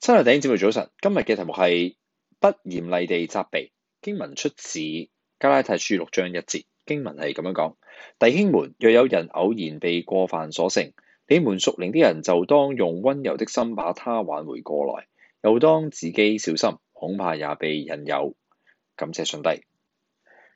新亞弟兄節目早晨，今日嘅題目係不嚴厲地責備。經文出自加拉太書六章一節，經文係咁樣講：弟兄們，若有人偶然被過犯所勝，你們屬靈啲人就當用温柔的心把他挽回過來，又當自己小心，恐怕也被引誘。感謝上帝。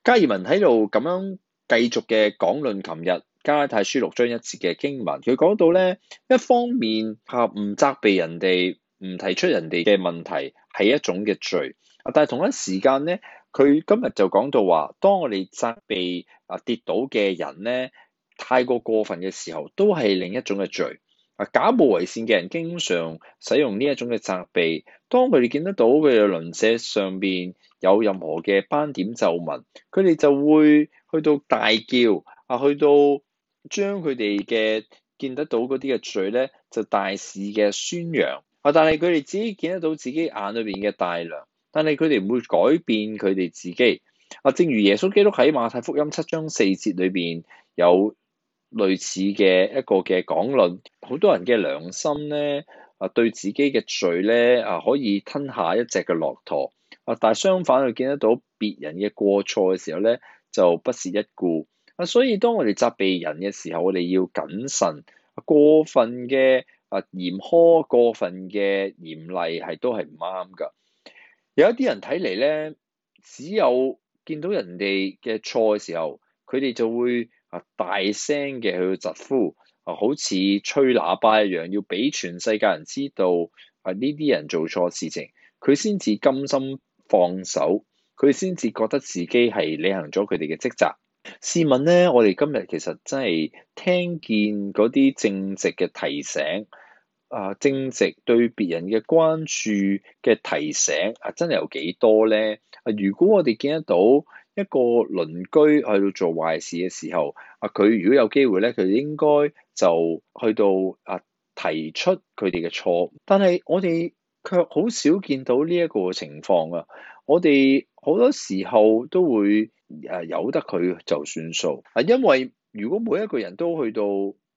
加爾文喺度咁樣繼續嘅講論，琴日加拉太書六章一節嘅經文，佢講到咧，一方面合誤責備人哋。唔提出人哋嘅問題係一種嘅罪啊！但係同一時間咧，佢今日就講到話，當我哋責備啊跌倒嘅人咧，太過過分嘅時候，都係另一種嘅罪啊！假冒為善嘅人經常使用呢一種嘅責備，當佢哋見得到嘅鄰舍上邊有任何嘅斑點皺紋，佢哋就會去到大叫啊，去到將佢哋嘅見得到嗰啲嘅罪咧，就大肆嘅宣揚。啊！但係佢哋只見得到自己眼裏邊嘅大樑，但係佢哋唔會改變佢哋自己。啊！正如耶穌基督喺馬太福音七章四節裏邊有類似嘅一個嘅講論，好多人嘅良心咧啊，對自己嘅罪咧啊，可以吞下一隻嘅駱駝。啊！但係相反，佢見得到別人嘅過錯嘅時候咧，就不屑一顧。啊！所以當我哋責備人嘅時候，我哋要謹慎過分嘅。啊！嚴苛過分嘅嚴厲係都係唔啱㗎。有一啲人睇嚟咧，只有見到人哋嘅錯嘅時候，佢哋就會啊大聲嘅去疾呼啊好似吹喇叭一樣，要俾全世界人知道啊呢啲人做錯事情，佢先至甘心放手，佢先至覺得自己係履行咗佢哋嘅職責。試問咧，我哋今日其實真係聽見嗰啲正直嘅提醒。啊，正直對別人嘅關注嘅提醒啊，真係有幾多咧？啊，如果我哋見得到一個鄰居喺度做壞事嘅時候，啊，佢如果有機會咧，佢應該就去到啊提出佢哋嘅錯。但係我哋卻好少見到呢一個情況啊！我哋好多時候都會誒、啊、由得佢就算數啊，因為如果每一個人都去到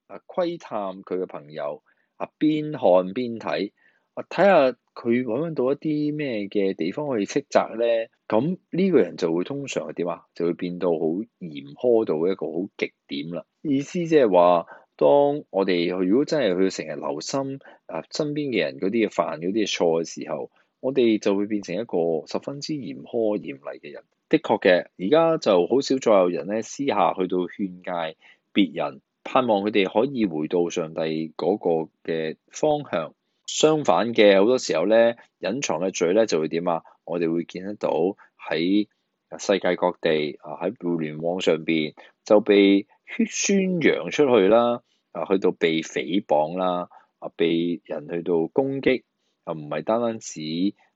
啊窺探佢嘅朋友。啊，邊看邊睇啊，睇下佢揾唔揾到一啲咩嘅地方可以斥責咧？咁呢個人就會通常係點啊？就會變到好嚴苛到一個好極點啦。意思即係話，當我哋如果真係去成日留心啊身邊嘅人嗰啲嘢犯咗啲錯嘅時候，我哋就會變成一個十分之嚴苛、嚴厲嘅人。的確嘅，而家就好少再有人咧私下去到勸戒別人。盼望佢哋可以回到上帝嗰個嘅方向，相反嘅好多時候咧，隱藏嘅罪咧就會點啊？我哋會見得到喺世界各地啊，喺互聯網上邊就被宣揚出去啦，啊去到被誹謗啦，啊被人去到攻擊啊唔係單單止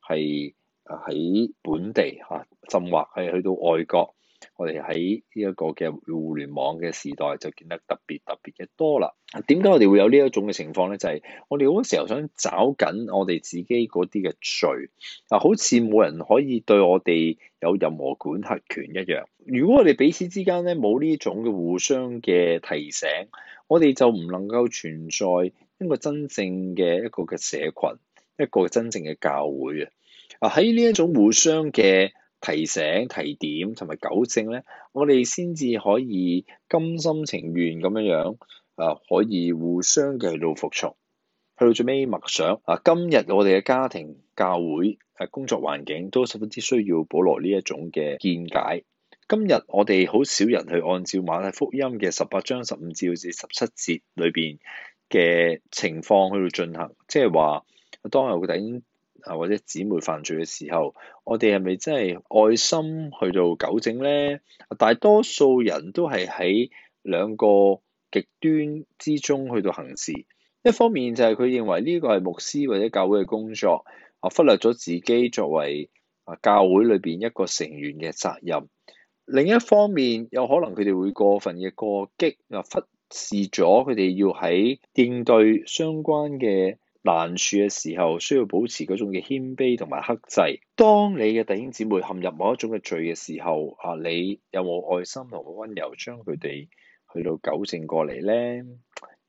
係啊喺本地吓甚至，係，啊、去到外國。我哋喺呢一個嘅互聯網嘅時代就見得特別特別嘅多啦。點解我哋會有呢一種嘅情況咧？就係我哋好多時候想找緊我哋自己嗰啲嘅罪啊，好似冇人可以對我哋有任何管轄權一樣。如果我哋彼此之間咧冇呢種嘅互相嘅提醒，我哋就唔能夠存在一個真正嘅一個嘅社群，一個真正嘅教會啊！喺呢一種互相嘅提醒提點同埋糾正咧，我哋先至可以甘心情願咁樣樣，誒、啊、可以互相嘅去到服從，去到最尾默想。嗱、啊，今日我哋嘅家庭、教會誒、啊、工作環境都十分之需要保羅呢一種嘅見解。今日我哋好少人去按照馬太福音嘅十八章十五至至十七節裏邊嘅情況去到進行，即係話當日頂。啊，或者姊妹犯罪嘅時候，我哋係咪真係愛心去到糾正咧？大多數人都係喺兩個極端之中去到行事。一方面就係佢認為呢個係牧師或者教會嘅工作，啊，忽略咗自己作為啊，教會裏邊一個成員嘅責任。另一方面，有可能佢哋會過分嘅過激，又忽視咗佢哋要喺應對相關嘅。難處嘅時候，需要保持嗰種嘅謙卑同埋克制。當你嘅弟兄姊妹陷入某一種嘅罪嘅時候，啊，你有冇愛心同埋温柔，將佢哋去到糾正過嚟咧？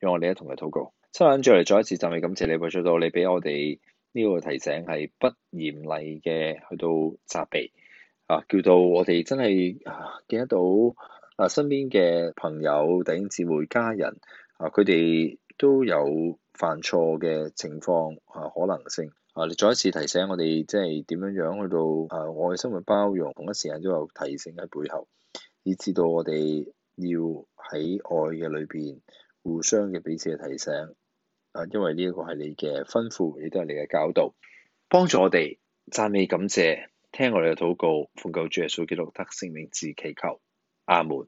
讓我哋一同嚟禱告。七蘭再嚟再一次讚美，感謝你為出到，你俾我哋呢個提醒係不嚴厲嘅，去到責備啊，叫到我哋真係見、啊、得到啊，身邊嘅朋友、弟兄姊妹、家人啊，佢哋都有。犯錯嘅情況啊，可能性啊，你再一次提醒我哋，即係點樣樣去到啊愛心嘅包容，同一時間都有提醒喺背後，以至到我哋要喺愛嘅裏邊互相嘅彼此嘅提醒。啊，因為呢一個係你嘅吩咐，亦都係你嘅教導，幫助我哋讚美感謝，聽我哋嘅禱告，奉求主耶穌基督得勝名字祈求，阿門。